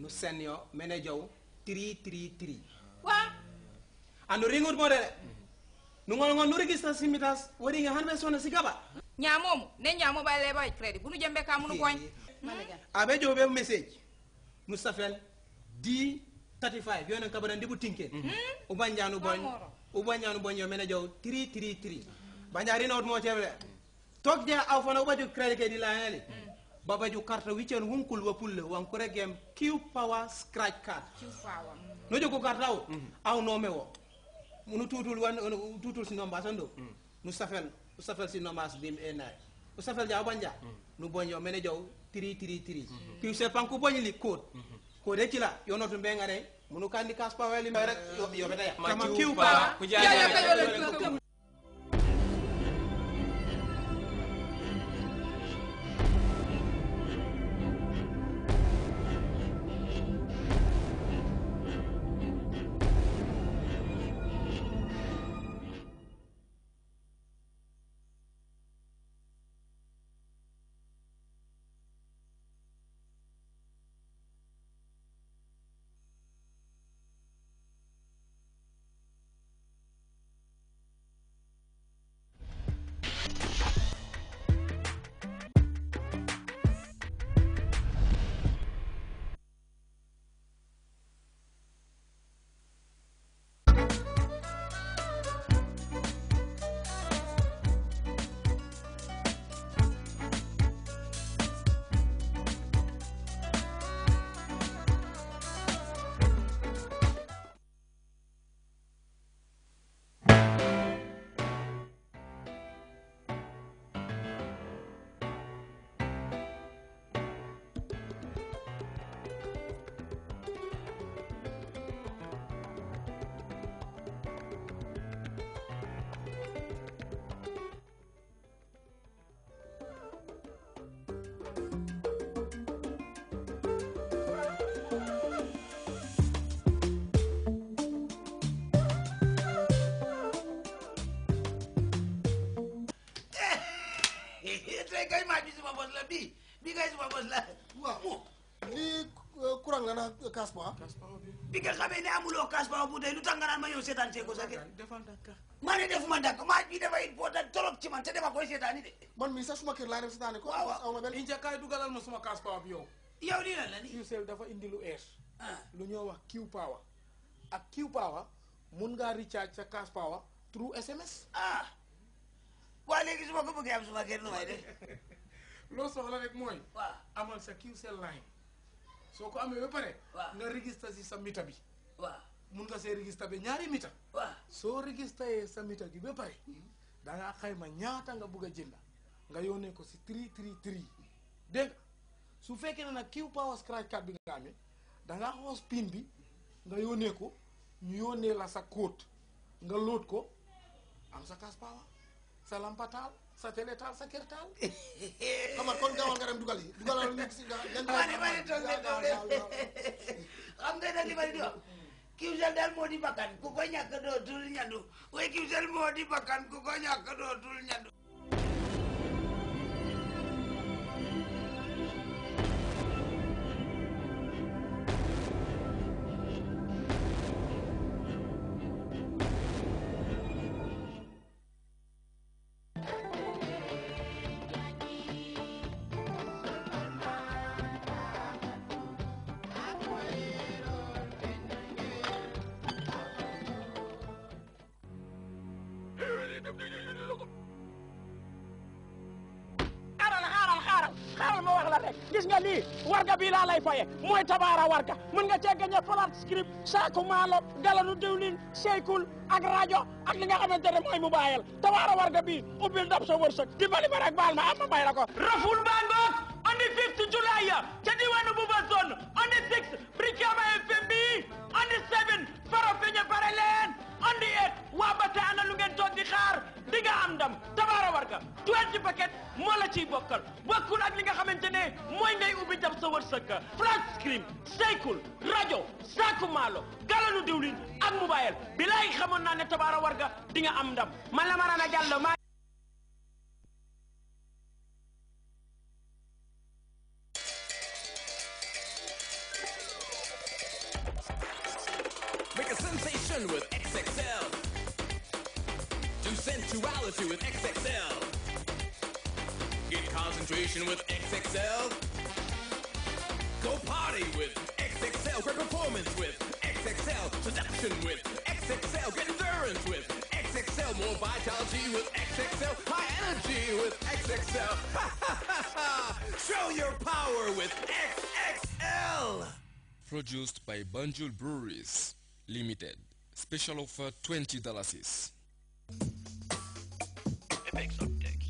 no senior manager three three three wa ando ah, ringut mo dele nungol ngon nuri gisa simitas wari nga hanbe sona sikaba nyamomu ne nyamo ba leba credit bunu jembe ka munu koñ abe ah, jobe message mustafel d 35 yona kabana ndibu tinken hmm? ubanjanu boñ ubanjanu boñ yo manager 333 banjari not mo chevle tok dia aw fana ubaju credit ke di la ngeli mm -hmm. babaju karta wicen wunkul wa pulle wankure gem q power scratch card no jogo karta o aw nome o nu tutul wan tutul si nombas on nu safel si nombas dim e nayi o safel jaw banja nu boño mene jaw tri tri tri piw se panku boñili code code cila yonotu mbengare munu kandi kas paweli rek yoɓetaya kama q power tey kay maa bi suma bos la bii bii kay suma bos la. waaw lii courant nga naan cash power. bi eh, nga xamee eh, ne amuloo cash power bu tey lu tax nga naan ma yow seetaan see ko sa kër. maa ne defuma ndànk maa bi dafa important trop ci man te dama koy seetaani de. man mii sax suma kër laa dem seetaani ko. waaw waaw incha kaay e dugalal ma suma cash power bi yow. yow lii lan la nii. Qcell dafa indi lu air. Ah. lu ñoo a Q power. ak Q power mun ngaa recharge sa cash power su ma ko bëggee am suma kër nu may def. loo soxla rek mooy. waaw amal sa Qcell line. soo ko amee ba pare. nga registré si sa mita bi. waaw mun nga see registré bi ñaari mita. waaw soo registré sa mita bi ba pare. Hmm. da xayma ñaata nga bugg a jënd nga yónnee ko si tri tri tri dégg nga su fekkee ne nag kiw power scratch card bi nga amee da ngaa xoos pin bi nga yónnee ko ñu yónnee la sa code nga loot ko am sa cash power. sa lampa taal sa télé taal sa kër taal. xam nga kon gaawal nga dem dugal yi dugalal ñu si gaa. waaw li ma leen toog de toog de ma leen di wax. kiwsel daal moo di ku ko ñàkk dootul ñandu waaye kiwsel moo di bakkan ku ko ñàkk dootul ñandu. fayee gis nga lii warga bii laa lay fayee mooy tabaara warga mën nga cee gagné flat script saaku maalo galanu diwlin seykul ak rajo ak li nga xamante ne mooy mu bàyyel tabaara warga bii ubbil dab sa wërsëg di bali ma rek baal ma am ma may la ko raful baan boog on the fifth July ca diwaanu bu ba zone on the sixth Brikama FM bi on the seven faro feña pare leen on the eight waa ba te ana lu ngeen toog di xaar di nga am ndam saaga twelve paquet moo la ciy bokkal bokkul ak li nga xamante ne mooy ngay ubbi tam sa wërsëg flat screen saykul rajo saaku maalo galanu diwlin ak mobile bi laay xamoon naa ne tabaara war nga di nga am ndam man la ma raan a jàll maa Make a sensation with XXL. to sensuality with XXL. Get concentration with XXL. Go party with XXL. Great performance with XXL. Seduction with XXL. Get endurance with XXL. More vitality with XXL. High energy with XXL. Show your power with XXL! Produced by Banjul Breweries Limited. Special offer $20. Updates, updates.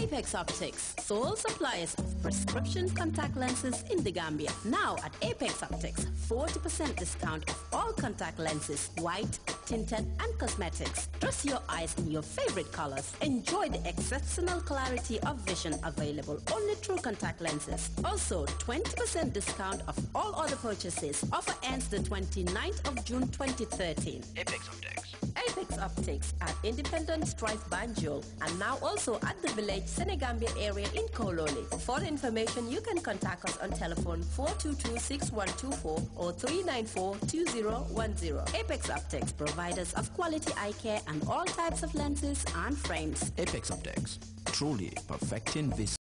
Apex Optics, sole suppliers of prescription contact lenses in the Gambia. Now at Apex Optics, 40% discount of all contact lenses, white, tinted and cosmetics. Dress your eyes in your favorite colors. Enjoy the exceptional clarity of vision available only through contact lenses. Also, 20% discount of all other purchases. Offer ends the 29th of June 2013. Apex Optics. Apex Optics at Independence Drive Banjul and now also at the village Senegambia area in Kololi. For information, you can contact us on telephone 422 6124 or 394 2010. Apex Optics, provides providers of quality eye care and all types of lenses and frames. Apex Optics, truly perfecting vision.